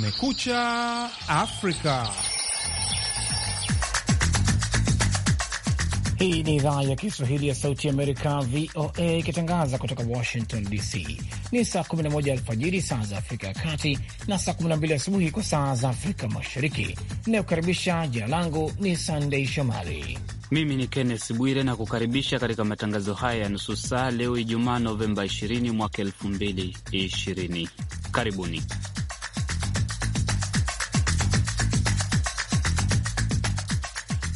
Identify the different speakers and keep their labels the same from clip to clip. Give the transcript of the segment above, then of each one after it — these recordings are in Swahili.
Speaker 1: Kumekucha Afrika.
Speaker 2: Hii ni idhaa ya Kiswahili ya Sauti ya Amerika, VOA, ikitangaza kutoka Washington DC. Ni saa 11 alfajiri saa za Afrika ya Kati na saa 12 asubuhi kwa saa za Afrika Mashariki. Inayokaribisha, jina langu ni Sandei Shomari.
Speaker 1: Mimi ni kennes Bwire na kukaribisha katika matangazo haya ya nusu saa leo Ijumaa Novemba 20 mwaka 2020. Karibuni.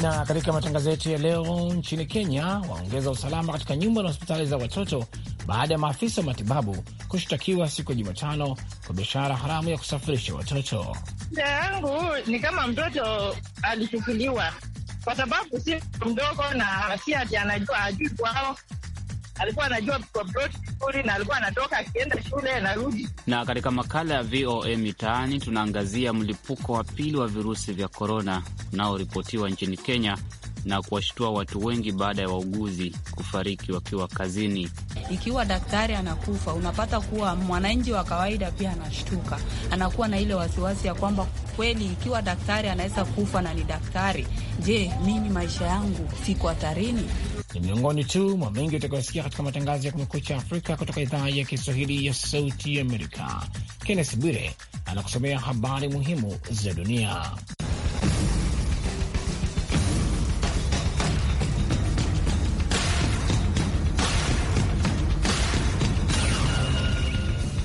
Speaker 2: Na katika matangazo yetu ya leo, nchini Kenya waongeza usalama katika nyumba na hospitali za watoto baada ya maafisa wa matibabu kushtakiwa siku ya Jumatano kwa biashara haramu ya kusafirisha watoto.
Speaker 3: Mda yangu ni kama mtoto alichukuliwa, kwa sababu si mdogo na si ati anajua ajui kwao alikuwa anajua kuapproach vizuri na alikuwa anatoka akienda shule
Speaker 1: anarudi. Na katika makala ya VOA Mitaani tunaangazia mlipuko wa pili wa virusi vya korona unaoripotiwa nchini Kenya na kuwashtua watu wengi baada ya wauguzi kufariki wakiwa kazini.
Speaker 4: Ikiwa daktari anakufa, unapata kuwa mwananchi wa kawaida pia anashtuka, anakuwa na ile wasiwasi ya kwamba kweli, ikiwa daktari anaweza kufa na ni daktari, je, mimi maisha yangu siko hatarini? ni miongoni tu mwa mengi utakayosikia katika matangazo ya Kumekucha
Speaker 2: Afrika kutoka idhaa ya Kiswahili ya Sauti Amerika. Kennes Bwire anakusomea habari muhimu za dunia.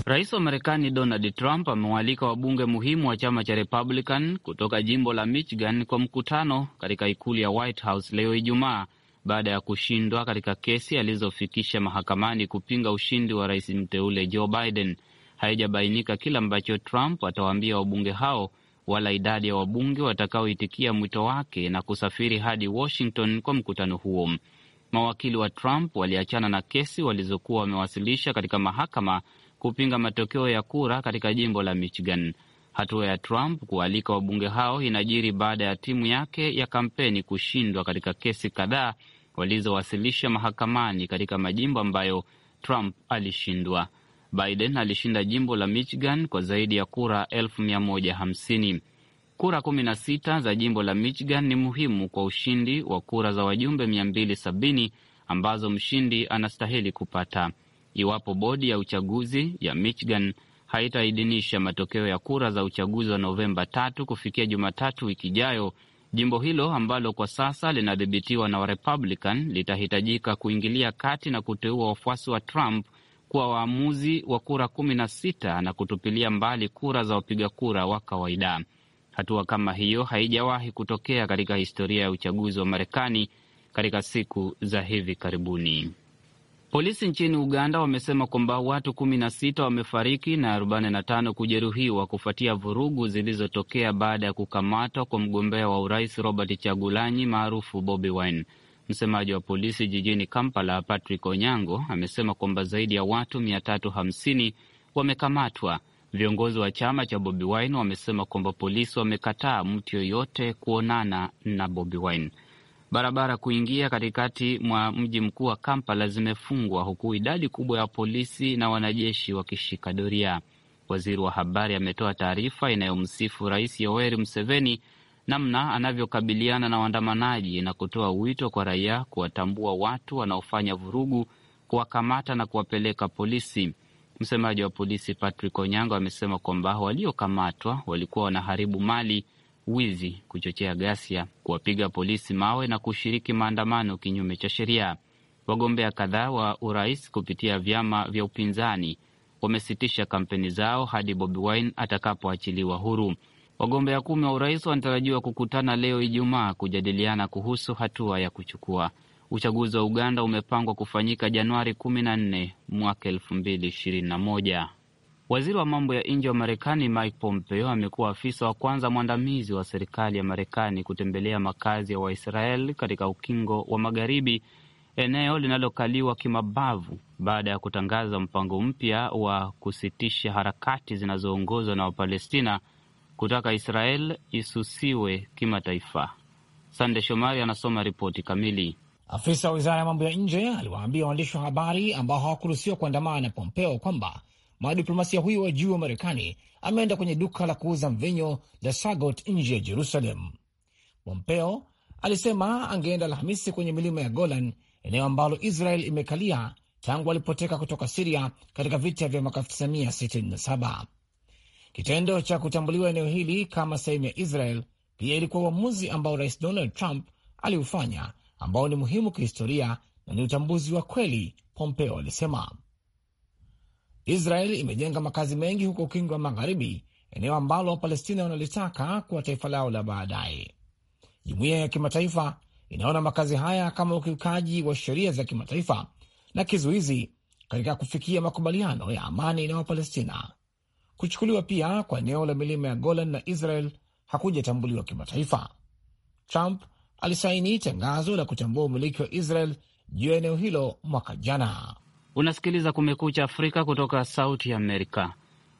Speaker 1: Rais wa Marekani Donald Trump amewaalika wabunge muhimu wa chama cha Republican kutoka jimbo la Michigan kwa mkutano katika ikulu ya White House leo Ijumaa baada ya kushindwa katika kesi alizofikisha mahakamani kupinga ushindi wa rais mteule Joe Biden. Haijabainika kile ambacho Trump atawaambia wabunge hao wala idadi ya wabunge watakaoitikia mwito wake na kusafiri hadi Washington kwa mkutano huo. Mawakili wa Trump waliachana na kesi walizokuwa wamewasilisha katika mahakama kupinga matokeo ya kura katika jimbo la Michigan. Hatua ya Trump kualika wabunge hao inajiri baada ya timu yake ya kampeni kushindwa katika kesi kadhaa walizowasilisha mahakamani katika majimbo ambayo Trump alishindwa. Biden alishinda jimbo la Michigan kwa zaidi ya kura elfu mia moja hamsini. Kura 16 za jimbo la Michigan ni muhimu kwa ushindi wa kura za wajumbe 270 ambazo mshindi anastahili kupata. Iwapo bodi ya uchaguzi ya Michigan haitaidhinisha matokeo ya kura za uchaguzi wa Novemba tatu kufikia Jumatatu wiki ijayo, jimbo hilo ambalo kwa sasa linadhibitiwa na Warepublican litahitajika kuingilia kati na kuteua wafuasi wa Trump kuwa waamuzi wa kura kumi na sita na kutupilia mbali kura za wapiga kura wa kawaida. Hatua kama hiyo haijawahi kutokea katika historia ya uchaguzi wa Marekani katika siku za hivi karibuni. Polisi nchini Uganda wamesema kwamba watu kumi na sita wamefariki na 45 kujeruhiwa kufuatia vurugu zilizotokea baada ya kukamatwa kwa mgombea wa urais Robert Chagulanyi maarufu Bobi Wine. Msemaji wa polisi jijini Kampala, Patrick Onyango, amesema kwamba zaidi ya watu 350 wamekamatwa. Viongozi wa chama cha Bobi Wine wamesema kwamba polisi wamekataa mtu yoyote kuonana na Bobi Wine. Barabara kuingia katikati mwa mji mkuu wa Kampala zimefungwa huku idadi kubwa ya polisi na wanajeshi wakishika doria. Waziri wa habari ametoa taarifa inayomsifu Rais Yoweri Museveni namna anavyokabiliana na waandamanaji na kutoa wito kwa raia kuwatambua watu wanaofanya vurugu, kuwakamata na kuwapeleka polisi. Msemaji wa polisi Patrick Onyango amesema kwamba waliokamatwa walikuwa wanaharibu mali wizi, kuchochea ghasia, kuwapiga polisi mawe na kushiriki maandamano kinyume cha sheria. Wagombea kadhaa wa urais kupitia vyama vya upinzani wamesitisha kampeni zao hadi Bobi Wine atakapoachiliwa huru. Wagombea kumi wa urais wanatarajiwa kukutana leo Ijumaa kujadiliana kuhusu hatua ya kuchukua. Uchaguzi wa Uganda umepangwa kufanyika Januari 14 mwaka 2021. Waziri wa mambo ya nje wa Marekani Mike Pompeo amekuwa afisa wa kwanza mwandamizi wa serikali ya Marekani kutembelea makazi ya waisrael katika ukingo wa Magharibi, eneo linalokaliwa kimabavu, baada ya kutangaza mpango mpya wa kusitisha harakati zinazoongozwa na Wapalestina kutaka Israel isusiwe kimataifa. Sande Shomari anasoma ripoti kamili.
Speaker 2: Afisa wa wizara ya mambo ya nje aliwaambia waandishi wa habari ambao hawakuruhusiwa kuandamana na Pompeo kwamba mwanadiplomasia huyo wa juu wa Marekani ameenda kwenye duka la kuuza mvinyo la Sagot nje ya Jerusalem. Pompeo alisema angeenda Alhamisi kwenye milima ya Golan, eneo ambalo Israel imekalia tangu alipoteka kutoka Siria katika vita vya mwaka 1967. Kitendo cha kutambuliwa eneo hili kama sehemu ya Israel pia ilikuwa uamuzi ambao Rais Donald Trump aliufanya ambao ni muhimu kihistoria na ni utambuzi wa kweli, Pompeo alisema. Israel imejenga makazi mengi huko ukingo wa Magharibi, eneo ambalo Wapalestina wanalitaka kuwa taifa lao la baadaye. Jumuiya ya kimataifa inaona makazi haya kama ukiukaji wa sheria za kimataifa na kizuizi katika kufikia makubaliano ya amani na Wapalestina. Kuchukuliwa pia kwa eneo la milima ya Golan na Israel hakujatambuliwa kimataifa. Trump alisaini tangazo la kutambua umiliki wa Israel juu ya eneo hilo mwaka jana.
Speaker 1: Unasikiliza Kumekucha Afrika kutoka Sauti ya Amerika.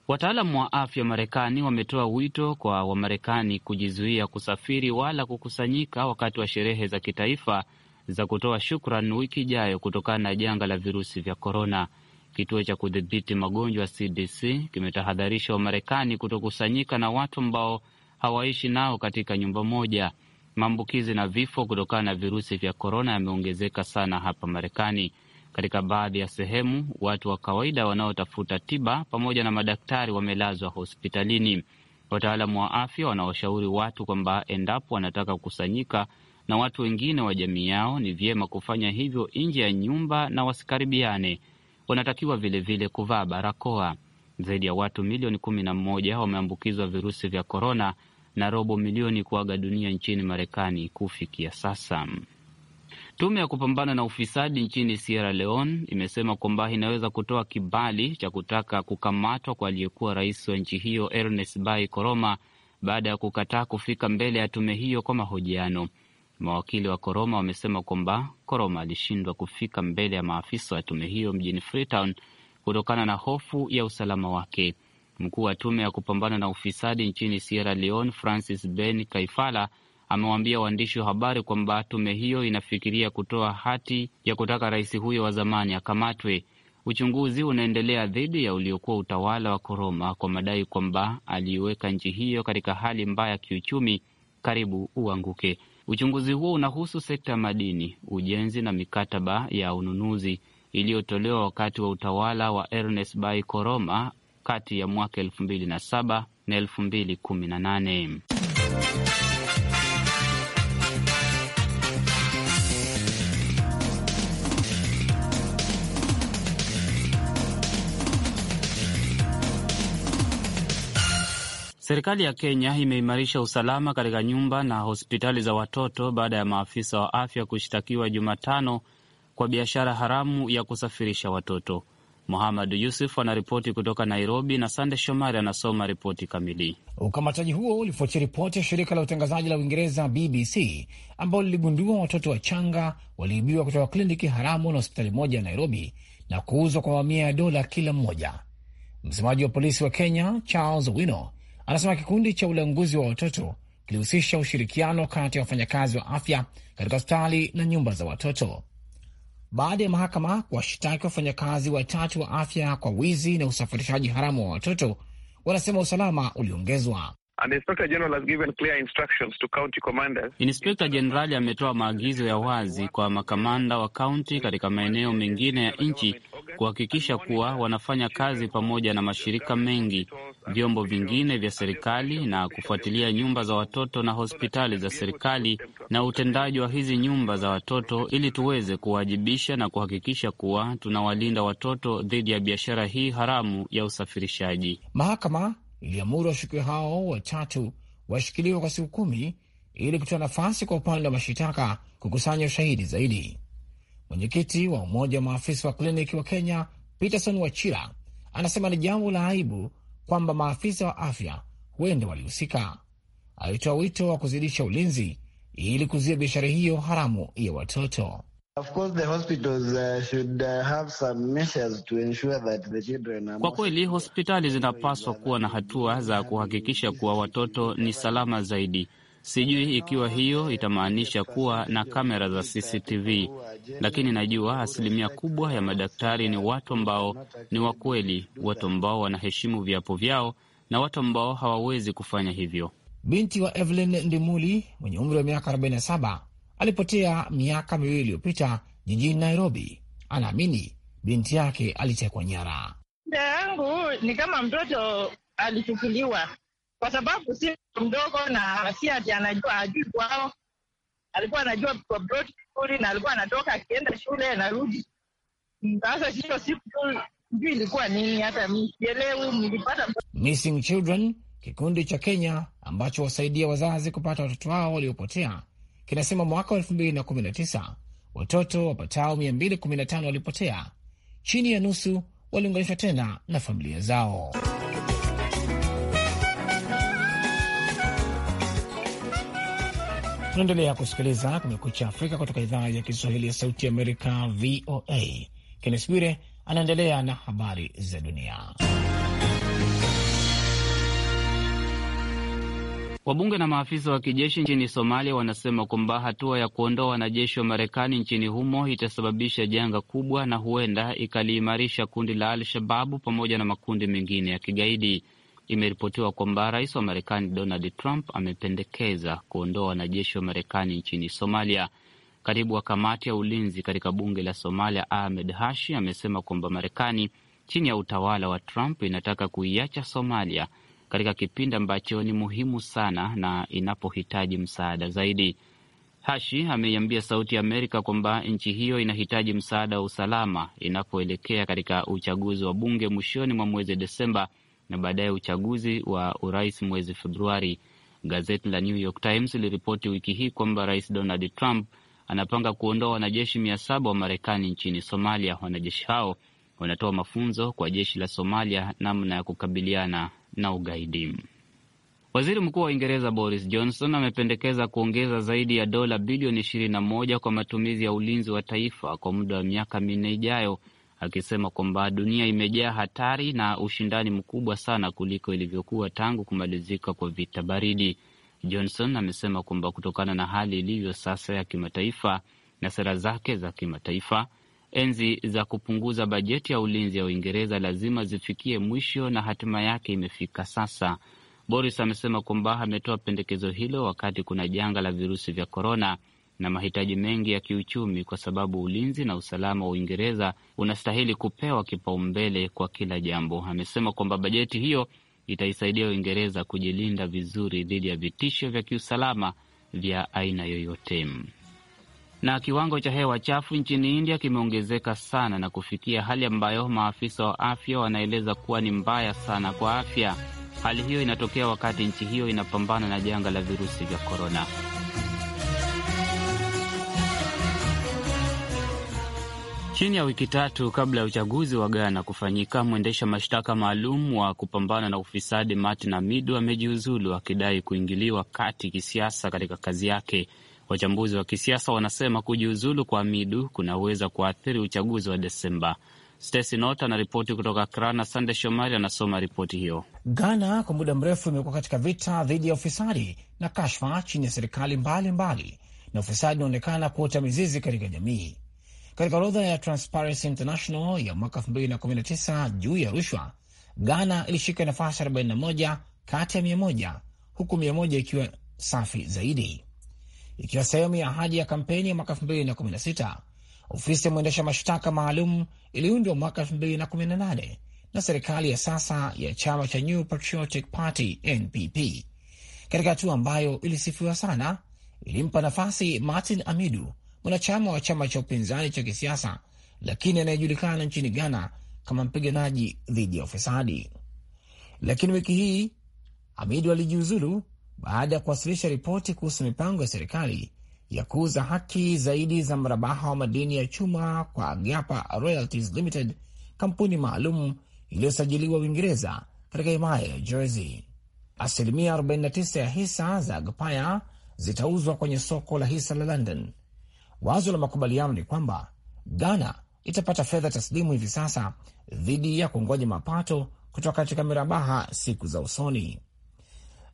Speaker 1: Wataalamu wa afya Marekani wametoa wito kwa Wamarekani kujizuia kusafiri wala kukusanyika wakati wa sherehe za kitaifa za kutoa shukrani wiki ijayo kutokana na janga la virusi vya korona. Kituo cha kudhibiti magonjwa CDC kimetahadharisha Wamarekani kutokusanyika na watu ambao hawaishi nao katika nyumba moja. Maambukizi na vifo kutokana na virusi vya korona yameongezeka sana hapa Marekani. Katika baadhi ya sehemu, watu wa kawaida wanaotafuta tiba pamoja na madaktari wamelazwa hospitalini. Wataalamu wa afya wanaoshauri watu kwamba endapo wanataka kukusanyika na watu wengine wa jamii yao, ni vyema kufanya hivyo nje ya nyumba na wasikaribiane. Wanatakiwa vilevile kuvaa barakoa. Zaidi ya watu milioni kumi na mmoja wameambukizwa virusi vya korona na robo milioni kuaga dunia nchini Marekani kufikia sasa. Tume ya kupambana na ufisadi nchini Sierra Leone imesema kwamba inaweza kutoa kibali cha kutaka kukamatwa kwa aliyekuwa rais wa nchi hiyo Ernest Bai Koroma baada ya kukataa kufika mbele ya tume hiyo kwa mahojiano. Mawakili wa Koroma wamesema kwamba Koroma alishindwa kufika mbele ya maafisa wa tume hiyo mjini Freetown kutokana na hofu ya usalama wake. Mkuu wa tume ya kupambana na ufisadi nchini Sierra Leone, Francis Ben Kaifala, amewaambia waandishi wa habari kwamba tume hiyo inafikiria kutoa hati ya kutaka rais huyo wa zamani akamatwe. Uchunguzi unaendelea dhidi ya uliokuwa utawala wa Koroma kwa madai kwamba aliiweka nchi hiyo katika hali mbaya kiuchumi karibu uanguke. Uchunguzi huo unahusu sekta ya madini, ujenzi na mikataba ya ununuzi iliyotolewa wakati wa utawala wa Ernest Bai Koroma kati ya mwaka elfu mbili na saba na elfu mbili kumi na nane. Serikali ya Kenya imeimarisha usalama katika nyumba na hospitali za watoto baada ya maafisa wa afya kushtakiwa Jumatano kwa biashara haramu ya kusafirisha watoto. Muhamad Yusuf anaripoti kutoka Nairobi na Sande Shomari anasoma ripoti kamili.
Speaker 2: Ukamataji huo ulifuatia ripoti ya shirika la utangazaji la Uingereza BBC ambalo liligundua watoto wachanga waliibiwa kutoka kliniki haramu na hospitali moja ya Nairobi na kuuzwa kwa mamia ya dola kila mmoja. Msemaji wa polisi wa Kenya Charles Wino Anasema kikundi cha ulanguzi wa watoto kilihusisha ushirikiano kati ya wafanyakazi wa afya katika hospitali na nyumba za watoto. Baada ya mahakama kuwashtaki wafanyakazi watatu wa afya kwa wizi na usafirishaji haramu wa watoto, wanasema usalama uliongezwa.
Speaker 1: Inspekta Jenerali ametoa maagizo ya wazi kwa makamanda wa kaunti katika maeneo mengine ya nchi kuhakikisha kuwa wanafanya kazi pamoja na mashirika mengi, vyombo vingine vya serikali na kufuatilia nyumba za watoto na hospitali za serikali na utendaji wa hizi nyumba za watoto ili tuweze kuwajibisha na kuhakikisha kuwa tunawalinda watoto dhidi ya biashara hii haramu ya usafirishaji.
Speaker 2: Mahakama iliamuru washukiwa hao watatu washikiliwa kwa siku kumi ili kutoa nafasi kwa upande wa mashitaka kukusanya ushahidi zaidi. Mwenyekiti wa umoja wa maafisa wa kliniki wa Kenya, Peterson Wachira, anasema ni jambo la aibu kwamba maafisa wa afya huenda walihusika. Alitoa wito wa kuzidisha ulinzi ili kuzuia biashara hiyo haramu ya watoto.
Speaker 3: Uh, uh, Kwa
Speaker 1: kweli hospitali zinapaswa kuwa na hatua za kuhakikisha kuwa watoto ni salama zaidi. Sijui ikiwa hiyo itamaanisha kuwa na kamera za CCTV, lakini najua asilimia kubwa ya madaktari ni watu ambao ni wakweli, watu ambao wanaheshimu viapo vyao na watu ambao hawawezi kufanya hivyo.
Speaker 2: Binti wa Evelyn Ndimuli mwenye umri wa miaka alipotea miaka miwili iliyopita jijini Nairobi. Anaamini binti yake alitekwa nyara.
Speaker 3: Dada yangu ni kama mtoto alichukuliwa, kwa sababu si mdogo na si ati anajua, ajui kwao. Alikuwa anajua vizuri na alikuwa anatoka akienda shule anarudi. Sasa hiyo siku tu sijui ilikuwa nini, hata msielewi Nilipata
Speaker 2: Missing Children, kikundi cha Kenya ambacho wasaidia wazazi kupata watoto wao waliopotea kinasema mwaka wa 2019 watoto wapatao 215 walipotea, chini ya nusu waliunganishwa tena na familia zao. Tunaendelea kusikiliza Kumekucha Afrika kutoka idhaa ya Kiswahili ya Sauti Amerika, VOA. Kennes Bwire anaendelea na habari za dunia.
Speaker 1: Wabunge na maafisa wa kijeshi nchini Somalia wanasema kwamba hatua ya kuondoa wanajeshi wa Marekani nchini humo itasababisha janga kubwa na huenda ikaliimarisha kundi la Al-Shababu pamoja na makundi mengine ya kigaidi. Imeripotiwa kwamba rais wa Marekani Donald Trump amependekeza kuondoa wanajeshi wa Marekani nchini Somalia. Katibu wa kamati ya ulinzi katika bunge la Somalia Ahmed Hashi amesema kwamba Marekani chini ya utawala wa Trump inataka kuiacha Somalia katika kipindi ambacho ni muhimu sana na inapohitaji msaada zaidi. Hashi ameiambia Sauti ya Amerika kwamba nchi hiyo inahitaji msaada wa usalama inapoelekea katika uchaguzi wa bunge mwishoni mwa mwezi Desemba na baadaye uchaguzi wa urais mwezi Februari. Gazeti la New York Times wiki hii kwamba Rais Donald Trump anapanga kuondoa wanajeshi mia saba wa Marekani nchini Somalia. Wanajeshi hao wanatoa mafunzo kwa jeshi la Somalia namna ya kukabiliana na ugaidi. Waziri Mkuu wa Uingereza Boris Johnson amependekeza kuongeza zaidi ya dola bilioni 21 kwa matumizi ya ulinzi wa taifa kwa muda wa miaka minne ijayo, akisema kwamba dunia imejaa hatari na ushindani mkubwa sana kuliko ilivyokuwa tangu kumalizika kwa vita baridi. Johnson amesema kwamba kutokana na hali ilivyo sasa ya kimataifa na sera zake za kimataifa Enzi za kupunguza bajeti ya ulinzi ya Uingereza lazima zifikie mwisho na hatima yake imefika sasa. Boris amesema kwamba ametoa pendekezo hilo wakati kuna janga la virusi vya korona na mahitaji mengi ya kiuchumi, kwa sababu ulinzi na usalama wa Uingereza unastahili kupewa kipaumbele kwa kila jambo. Amesema kwamba bajeti hiyo itaisaidia Uingereza kujilinda vizuri dhidi ya vitisho vya kiusalama vya aina yoyote na kiwango cha hewa chafu nchini India kimeongezeka sana na kufikia hali ambayo maafisa wa afya wanaeleza kuwa ni mbaya sana kwa afya. Hali hiyo inatokea wakati nchi hiyo inapambana na janga la virusi vya korona. Chini ya wiki tatu kabla ya uchaguzi wa Ghana kufanyika, mwendesha mashtaka maalum wa kupambana na ufisadi Martin Amidu amejiuzulu akidai kuingiliwa kati kisiasa katika kazi yake. Wachambuzi wa kisiasa wanasema kujiuzulu kwa midu kunaweza kuathiri uchaguzi wa Desemba. Stesi Not anaripoti kutoka Kra na Sande Shomari anasoma ripoti hiyo.
Speaker 2: Ghana kwa muda mrefu imekuwa katika vita dhidi ya ufisadi na kashfa chini ya serikali mbalimbali mbali, na ufisadi unaonekana kuota mizizi katika jamii. Katika orodha ya Transparency International ya mwaka 2019 juu ya rushwa, Ghana ilishika nafasi 41 kati ya 100 huku 100 ikiwa safi zaidi ikiwa sehemu ya ahadi ya kampeni ya mwaka 2016. Ofisi ya mwendesha mashtaka maalum iliundwa mwaka 2018 na serikali ya sasa ya chama cha New Patriotic Party NPP, katika hatua ambayo ilisifiwa sana, ilimpa nafasi Martin Amidu, mwanachama wa chama cha upinzani cha kisiasa lakini anayejulikana nchini Ghana kama mpiganaji dhidi ya ufisadi. Lakini wiki hii Amidu alijiuzulu baada ya kuwasilisha ripoti kuhusu mipango ya serikali ya kuuza haki zaidi za mrabaha wa madini ya chuma kwa gapa Royalties Limited, kampuni maalum iliyosajiliwa Uingereza katika himaya ya Jersey. Asilimia 49 ya hisa za Agpaya zitauzwa kwenye soko la hisa la London. Wazo la makubaliano ni kwamba Ghana itapata fedha taslimu hivi sasa dhidi ya kuongoja mapato kutoka katika mirabaha siku za usoni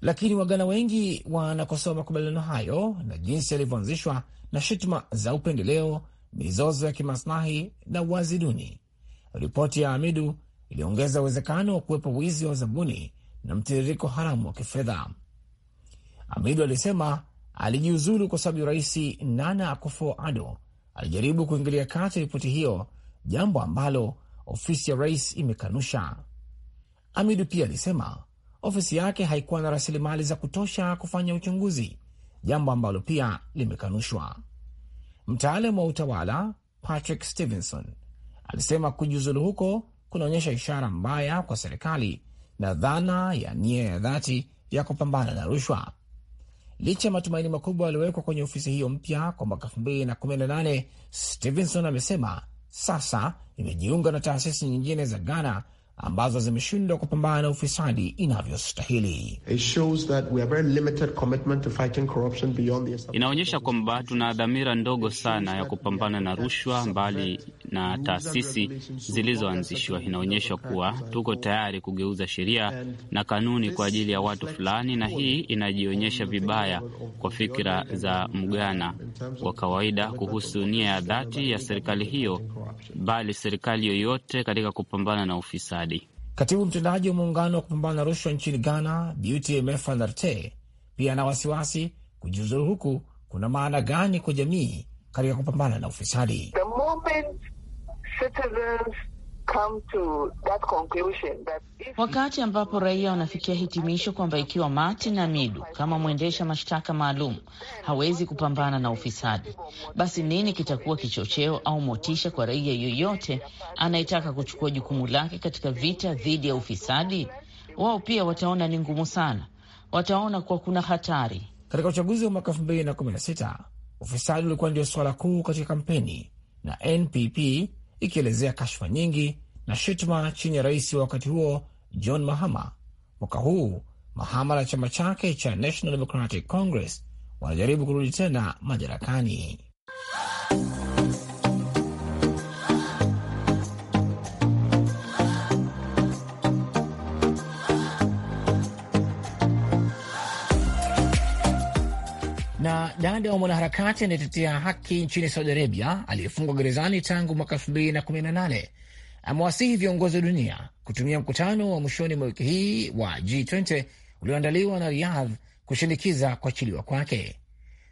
Speaker 2: lakini Wagana wengi wanakosoa makubaliano hayo na jinsi yalivyoanzishwa na shutuma za upendeleo, mizozo ya kimaslahi na uwazi duni. Ripoti ya Amidu iliongeza uwezekano wa kuwepo wizi wa zabuni na mtiririko haramu wa kifedha. Amidu alisema alijiuzulu kwa sababu Rais Nana Akufo-Addo alijaribu kuingilia kati ripoti hiyo, jambo ambalo ofisi ya rais imekanusha. Amidu pia alisema ofisi yake haikuwa na rasilimali za kutosha kufanya uchunguzi, jambo ambalo pia limekanushwa. mtaalam wa utawala Patrick Stevenson alisema kujiuzulu huko kunaonyesha ishara mbaya kwa serikali na dhana ya nia ya dhati ya kupambana na rushwa. Licha ya matumaini makubwa yaliyowekwa kwenye ofisi hiyo mpya kwa mwaka 2018, Stevenson amesema sasa imejiunga na taasisi nyingine za Ghana ambazo zimeshindwa kupambana na ufisadi inavyostahili.
Speaker 1: Inaonyesha kwamba tuna dhamira ndogo sana ya kupambana na rushwa mbali na taasisi zilizoanzishwa. Inaonyesha kuwa tuko tayari kugeuza sheria na kanuni kwa ajili ya watu fulani, na hii inajionyesha vibaya kwa fikira za mgana wa kawaida kuhusu nia ya dhati ya serikali hiyo, bali serikali yoyote katika kupambana na ufisadi ufisadi.
Speaker 2: Katibu mtendaji wa muungano wa kupambana na rushwa nchini Ghana, Beauty pia ana wasiwasi kujiuzuru huku kuna maana gani kwa jamii katika kupambana na ufisadi
Speaker 4: The come to that conclusion that
Speaker 5: if... Wakati ambapo raia wanafikia hitimisho kwamba ikiwa Martin Amidu kama mwendesha mashtaka maalum hawezi kupambana na ufisadi, basi nini kitakuwa kichocheo au motisha kwa raia yoyote anayetaka kuchukua jukumu lake katika vita dhidi ya ufisadi? Wao pia wataona ni ngumu sana, wataona kuwa kuna hatari. Katika uchaguzi wa mwaka
Speaker 2: 2016 ufisadi ulikuwa ndio suala kuu katika kampeni na NPP ikielezea kashfa nyingi na shutuma chini ya rais wa wakati huo John Mahama. Mwaka huu Mahama na chama chake cha National Democratic Congress wanajaribu kurudi tena madarakani. Na dada wa mwanaharakati anayetetea haki nchini Saudi Arabia aliyefungwa gerezani tangu mwaka 2018 amewasihi viongozi wa dunia kutumia mkutano wa mwishoni mwa wiki hii wa G20 ulioandaliwa na Riyadh kushinikiza kuachiliwa kwake.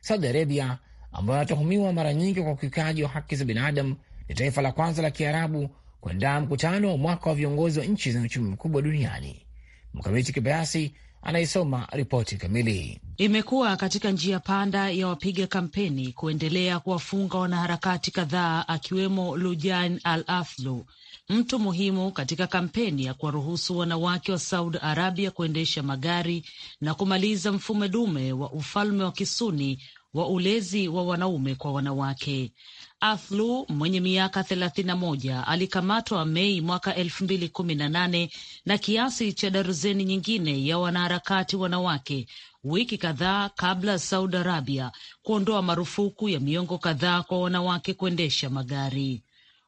Speaker 2: Saudi Arabia ambayo anatuhumiwa mara nyingi kwa ukiukaji wa haki za binadamu ni taifa la kwanza la Kiarabu kuandaa mkutano wa mwaka wa viongozi wa nchi zenye uchumi mkubwa duniani. Mkamiti Kibayasi anayesoma ripoti kamili.
Speaker 5: Imekuwa katika njia panda ya wapiga kampeni kuendelea kuwafunga wanaharakati kadhaa akiwemo Lujan Al aflu mtu muhimu katika kampeni ya kuwaruhusu wanawake wa Saudi Arabia kuendesha magari na kumaliza mfumo dume wa ufalme wa Kisuni wa ulezi wa wanaume kwa wanawake. Athlu mwenye miaka 31 alikamatwa Mei mwaka 2018 na kiasi cha darzeni nyingine ya wanaharakati wanawake wiki kadhaa kabla Saudi Arabia kuondoa marufuku ya miongo kadhaa kwa wanawake kuendesha magari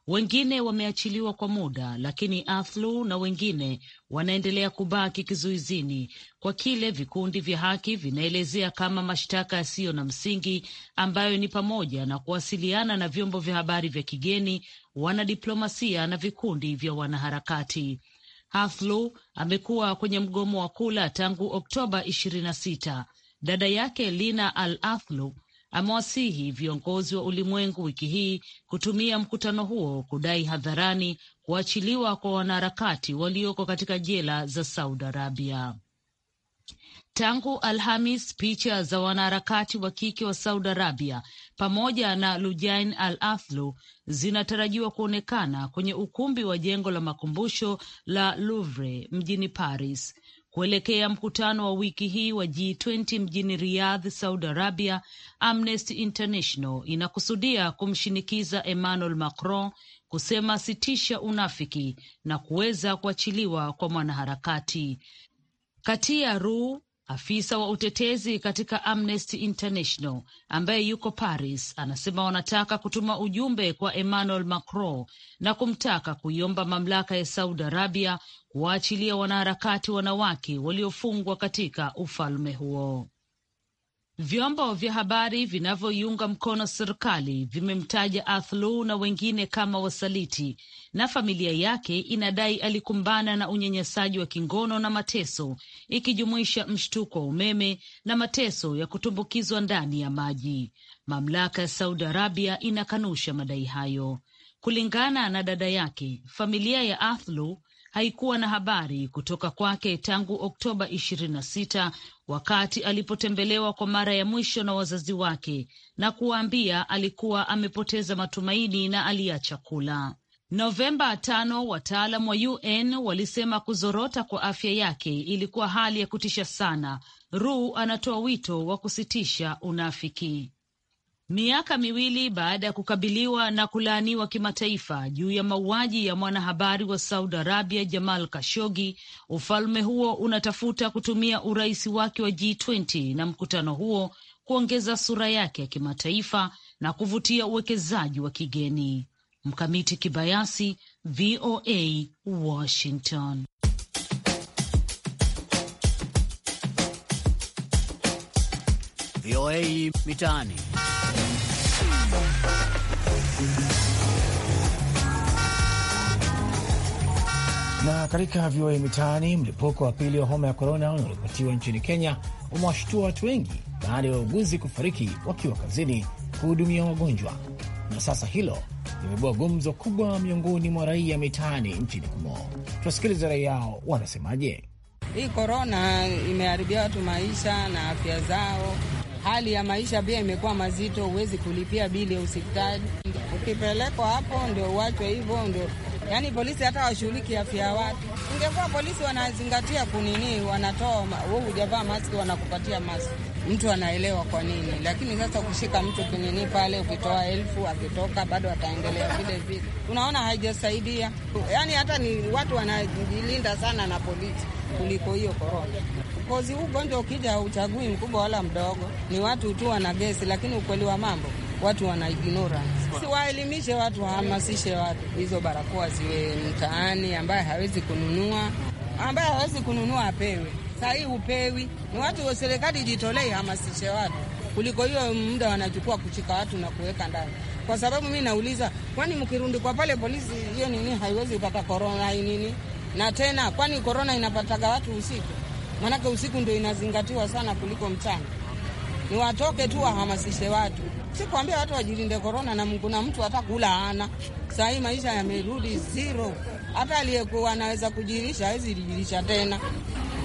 Speaker 5: wengine wameachiliwa kwa muda, lakini Athlu na wengine wanaendelea kubaki kizuizini kwa kile vikundi vya haki vinaelezea kama mashtaka yasiyo na msingi, ambayo ni pamoja na kuwasiliana na vyombo vya habari vya kigeni, wanadiplomasia na vikundi vya wanaharakati. Athlu amekuwa kwenye mgomo wa kula tangu Oktoba 26. Dada yake Lina Al Athlu amewasihi viongozi wa ulimwengu wiki hii kutumia mkutano huo kudai hadharani kuachiliwa kwa wanaharakati walioko katika jela za Saudi Arabia. Tangu Alhamis, picha za wanaharakati wa kike wa Saudi Arabia pamoja na Lujain Al Athlu zinatarajiwa kuonekana kwenye ukumbi wa jengo la makumbusho la Louvre mjini Paris kuelekea mkutano wa wiki hii wa G20 mjini Riyadh, Saudi Arabia. Amnesty International inakusudia kumshinikiza Emmanuel Macron kusema sitisha unafiki na kuweza kuachiliwa kwa mwanaharakati Katia Ruu Afisa wa utetezi katika Amnesty International ambaye yuko Paris anasema wanataka kutuma ujumbe kwa Emmanuel Macron na kumtaka kuiomba mamlaka ya Saudi Arabia kuwaachilia wanaharakati wanawake waliofungwa katika ufalme huo. Vyombo vya habari vinavyoiunga mkono serikali vimemtaja Athlu na wengine kama wasaliti, na familia yake inadai alikumbana na unyanyasaji wa kingono na mateso, ikijumuisha mshtuko wa umeme na mateso ya kutumbukizwa ndani ya maji. Mamlaka ya Saudi Arabia inakanusha madai hayo. Kulingana na dada yake, familia ya Athlu haikuwa na habari kutoka kwake tangu Oktoba 26 wakati alipotembelewa kwa mara ya mwisho na wazazi wake na kuwaambia alikuwa amepoteza matumaini na aliacha kula. Novemba tano, wataalam wa UN walisema kuzorota kwa afya yake ilikuwa hali ya kutisha sana. Ru anatoa wito wa kusitisha unafiki miaka miwili baada ya kukabiliwa na kulaaniwa kimataifa juu ya mauaji ya mwanahabari wa Saudi Arabia Jamal Kashogi, ufalme huo unatafuta kutumia urais wake wa G20 na mkutano huo kuongeza sura yake ya kimataifa na kuvutia uwekezaji wa kigeni. Mkamiti Kibayasi, VOA, Washington.
Speaker 1: VOA Mitaani.
Speaker 2: Na katika VOA Mitaani, mlipuko wa pili wa homa ya korona unaoripotiwa nchini Kenya umewashtua watu wengi baada ya wauguzi kufariki wakiwa kazini kuhudumia wagonjwa, na sasa hilo limebua gumzo kubwa miongoni mwa raia mitaani nchini humo. Tuwasikiliza raia yao wanasemaje.
Speaker 6: Hii korona imeharibia watu maisha na afya zao hali ya maisha pia imekuwa mazito, huwezi kulipia bili ya hospitali. Ukipelekwa hapo ndio uachwe hivyo, ndio yaani polisi hata washughuliki afya ya watu. Ingekuwa polisi wanazingatia kunini, wanatoa wewe hujavaa maski, wanakupatia maski, mtu anaelewa kwa nini. Lakini sasa kushika mtu kinini pale, ukitoa elfu akitoka bado ataendelea vile vile, unaona haijasaidia. yani hata ni watu wanajilinda sana na polisi kuliko hiyo korona kozi, huu ugonjwa ukija, uchagui mkubwa wala mdogo, ni watu tu wana gesi, lakini ukweli wa mambo watu wana ignorance. Si waelimishe watu, wahamasishe watu, hizo barakoa ziwe mtaani, ambaye hawezi kununua, ambaye hawezi kununua apewe. Saa hii hupewi, ni watu wa serikali ijitolee, hamasishe watu kuliko hiyo muda wanachukua kuchika watu na kuweka ndani, kwa sababu mi nauliza, kwani mkirundikwa pale polisi, hiyo nini haiwezi kupata korona nini? Na tena kwani korona inapataga watu usiku? maanake usiku ndio inazingatiwa sana kuliko mchana. Ni watoke tu wahamasishe watu, sikuambia watu wajilinde korona, na mungu na mtu hata kula ana saa hii maisha yamerudi zero, hata aliyekuwa anaweza kujirisha hawezi jirisha tena.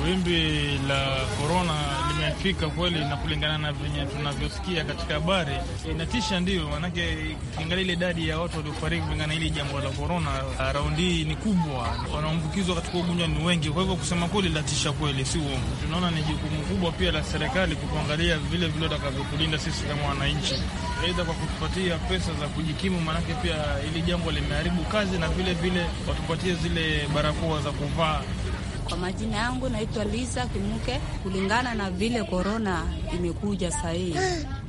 Speaker 3: Wimbi la korona tumefika kweli, na kulingana na venye tunavyosikia katika habari inatisha, ndio maanake ukiangalia ile idadi ya watu waliofariki kulingana na hili jambo la korona raundi hii ni kubwa, wanaambukizwa katika ugonjwa ni wengi. Kwa hivyo kusema kweli latisha kweli, si uongo. Tunaona ni jukumu kubwa pia la serikali kutuangalia vile vile watakavyokulinda sisi kama wananchi, aidha kwa kutupatia pesa za kujikimu, maanake pia hili jambo limeharibu kazi, na vile vile watupatie zile barakoa za kuvaa
Speaker 4: kwa majina yangu naitwa Lisa Kimuke. Kulingana na vile korona imekuja sahii,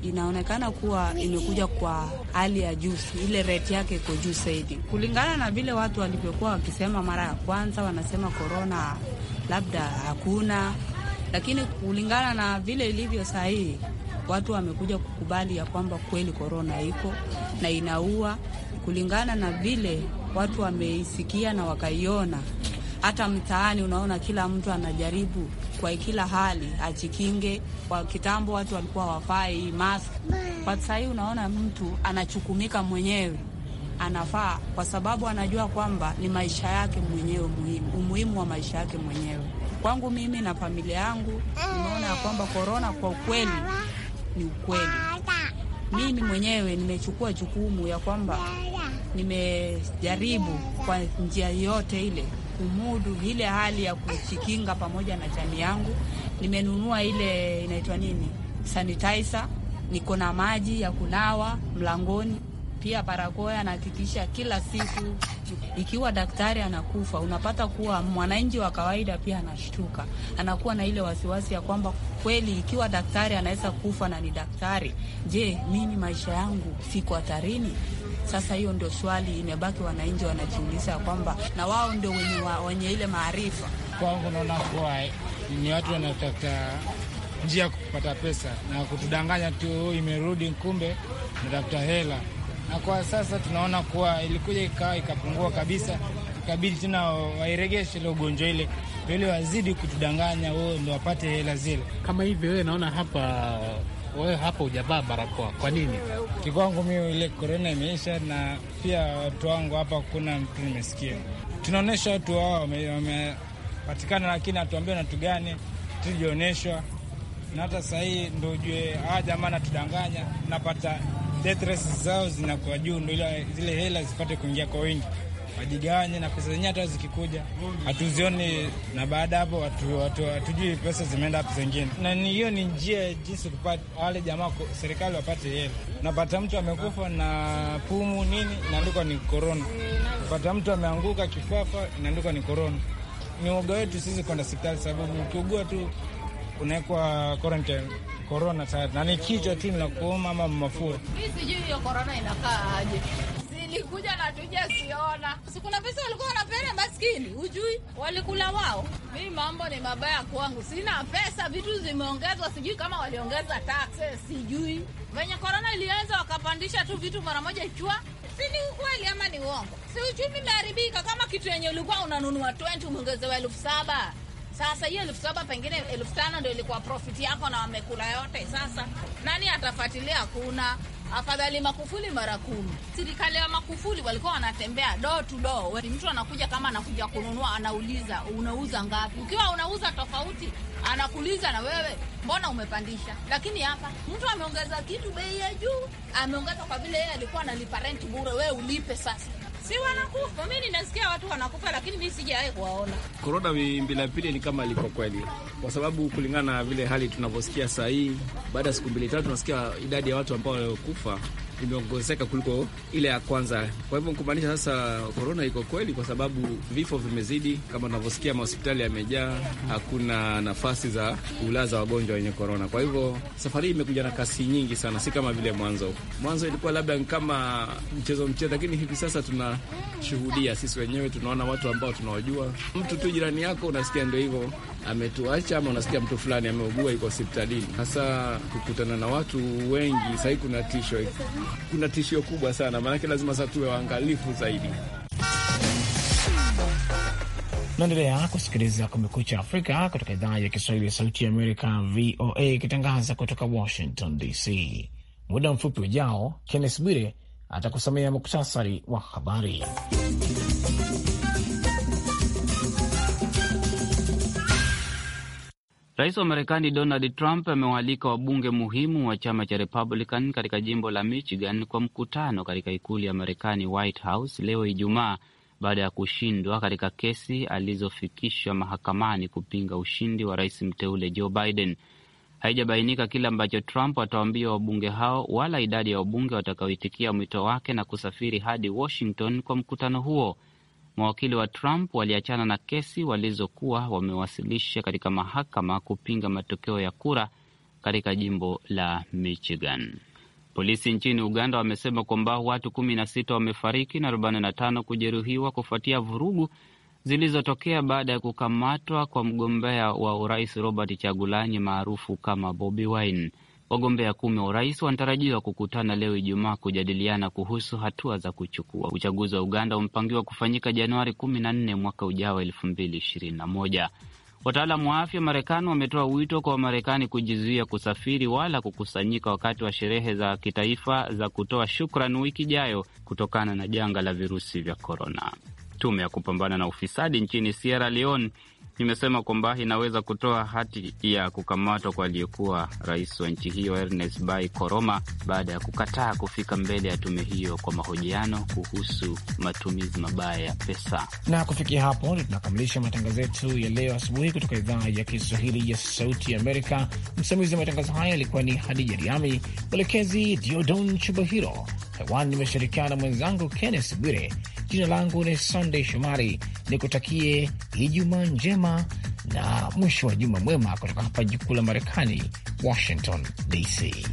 Speaker 4: inaonekana kuwa imekuja kwa hali ya juu, ile ret yake iko juu zaidi kulingana na vile watu walivyokuwa wakisema. Mara ya kwanza wanasema korona labda hakuna, lakini kulingana na vile ilivyo sahii, watu wamekuja kukubali ya kwamba kweli korona iko na inaua, kulingana na vile watu wameisikia na wakaiona hata mtaani unaona kila mtu anajaribu kwa kila hali ajikinge. Kwa kitambo watu walikuwa wafai mask, kwa sahii unaona mtu anachukumika mwenyewe anafaa kwa sababu anajua kwamba ni maisha yake mwenyewe muhimu, umuhimu wa maisha yake mwenyewe. Kwangu mimi na familia yangu, nimeona ya kwamba korona kwa ukweli ni ukweli. Mimi mwenyewe nimechukua jukumu ya kwamba nimejaribu kwa njia yote ile kumudu ile hali ya kujikinga pamoja na jamii yangu. Nimenunua ile inaitwa nini, sanitizer, niko na maji ya kunawa mlangoni, pia barakoa Anahakikisha kila siku. Ikiwa daktari anakufa, unapata kuwa mwananchi wa kawaida pia anashtuka, anakuwa na ile wasiwasi ya kwamba kweli, ikiwa daktari anaweza kufa na ni daktari, je, mimi maisha yangu siko hatarini? Sasa hiyo ndio swali imebaki, wananchi wanajiuliza kwamba na wao ndio wenye, wa, wenye ile maarifa. Kwangu naona kuwa ni watu wanatafuta njia ya kupata pesa na kutudanganya tu,
Speaker 3: imerudi kumbe natafuta hela. Na kwa sasa tunaona kuwa ilikuja ikawa ikapungua kabisa, ikabidi tena wairegeshe ile ugonjwa ile ili wazidi kutudanganya, ndo wapate hela zile. Kama hivyo, wewe naona hapa wewe hapo hujavaa barakoa kwa nini? Kikwangu mimi ile korona imeisha, na pia watu wangu hapa, kuna mtu nimesikia, tunaonyesha watu wao wamepatikana, lakini hatuambia natu gani, tujionyeshwa na hata sahii ndo ujue hawa jamaa natudanganya, napata death rates zao zinakuwa juu, ndo zile hela zipate kuingia kwa wingi wajigawanye na pesa zenyewe, hata zikikuja hatuzioni, na baada hapo hatujui pesa zimeenda hapo zengine. Na hiyo ni njia jinsi kupata wale jamaa, serikali wapate hela. Napata mtu amekufa na pumu nini, inaandikwa ni korona. Napata mtu ameanguka kifafa, inaandikwa ni korona. Ni uoga wetu sisi kwenda hospitali, sababu ukiugua tu unawekwa quarantine korona tayari, na ni kichwa tu na kuuma ama mafua.
Speaker 4: Sijui hiyo korona inakaa aje? walikuja na tuja siona, sikuna pesa walikuwa wanapeana maskini, hujui walikula wao. Mi mambo ni mabaya kwangu, sina pesa, vitu zimeongezwa, sijui kama waliongeza taxes, sijui venye korona ilianza wakapandisha tu vitu mara moja chua. Si ni ukweli ama ni uongo? Si uchumi imeharibika. Kama kitu yenye ulikuwa unanunua 20 umeongezewa elfu saba sasa hiyo elfu saba pengine elfu tano ndo ilikuwa profiti yako, na wamekula yote. Sasa
Speaker 6: nani atafuatilia?
Speaker 4: Hakuna. Afadhali Makufuli mara kumi. Serikali ya Makufuli walikuwa wanatembea do to do, mtu anakuja kama anakuja kununua, anauliza unauza ngapi? Ukiwa unauza tofauti, anakuuliza na wewe, mbona umepandisha? Lakini hapa mtu ameongeza kitu bei ya juu, ameongeza kwa vile yeye alikuwa analipa rent bure, wewe ulipe sasa si wanakufa. Mimi ninasikia watu wanakufa, lakini mimi sijawahi kuwaona.
Speaker 3: Korona wimbi la pili ni kama liko kweli, kwa sababu kulingana na vile hali tunavyosikia saa hii, baada ya siku mbili tatu tunasikia idadi ya watu ambao waliokufa imeongezeka kuliko ile ya kwanza. Kwa hivyo kumaanisha sasa korona iko kweli, kwa sababu vifo vimezidi, kama unavyosikia mahospitali yamejaa, hakuna nafasi za kulaza wagonjwa wenye korona. Kwa hivyo safari hii imekuja na kasi nyingi sana, si kama vile mwanzo. Mwanzo ilikuwa labda kama mchezo mchezo, lakini hivi sasa tunashuhudia sisi wenyewe, tunaona watu ambao tunawajua, mtu tu jirani yako unasikia ndio hivyo ametuacha ama unasikia mtu fulani ameugua, iko hospitalini. Hasa kukutana na watu wengi sahii, kuna tisho, kuna tishio kubwa sana, maanake lazima sasa tuwe waangalifu zaidi.
Speaker 2: Naendelea kusikiliza Kumekucha Afrika kutoka idhaa ya Kiswahili ya Sauti ya Amerika, VOA, ikitangaza kutoka Washington DC. Muda mfupi ujao, Kennes Bwire atakusomea muktasari wa habari.
Speaker 1: Rais wa Marekani Donald Trump amewaalika wabunge muhimu wa chama cha Republican katika jimbo la Michigan kwa mkutano katika ikulu ya Marekani, White House, leo Ijumaa, baada ya kushindwa katika kesi alizofikishwa mahakamani kupinga ushindi wa rais mteule Joe Biden. Haijabainika kile ambacho Trump atawaambia wabunge hao wala idadi ya wabunge watakaoitikia mwito wake na kusafiri hadi Washington kwa mkutano huo. Mawakili wa Trump waliachana na kesi walizokuwa wamewasilisha katika mahakama kupinga matokeo ya kura katika jimbo la Michigan. Polisi nchini Uganda wamesema kwamba watu kumi na sita wamefariki na tano kujeruhiwa kufuatia vurugu zilizotokea baada ya kukamatwa kwa mgombea wa urais Robert Chagulanyi maarufu kama Bobi Wine. Wagombea kumi wa urais wanatarajiwa kukutana leo Ijumaa kujadiliana kuhusu hatua za kuchukua. Uchaguzi wa Uganda umepangiwa kufanyika Januari 14 mwaka ujao 221 Wataalamu wa afya Marekani wametoa wito kwa Wamarekani kujizuia kusafiri wala kukusanyika wakati wa sherehe za kitaifa za kutoa shukrani wiki ijayo kutokana na janga la virusi vya korona. Tume ya kupambana na ufisadi nchini Sierra Leone imesema kwamba inaweza kutoa hati ya kukamatwa kwa aliyekuwa rais wa nchi hiyo Ernest Bai Koroma baada ya kukataa kufika mbele ya tume hiyo kwa mahojiano kuhusu matumizi mabaya ya pesa.
Speaker 2: Na kufikia hapo tunakamilisha matangazo yetu ya leo asubuhi kutoka idhaa ya Kiswahili ya Sauti ya Amerika. Msimamizi wa matangazo haya alikuwa ni Hadija Riami, mwelekezi Diodon Chubahiro. Hewani nimeshirikiana na mwenzangu Kennes Bwire. Jina langu ni Sandey Shomari, nikutakie Ijumaa njema njema na mwisho wa juma mwema kutoka hapa jikuu la Marekani, Washington DC.